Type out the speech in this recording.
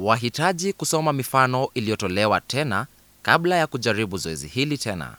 wahitaji kusoma mifano iliyotolewa tena kabla ya kujaribu zoezi hili tena.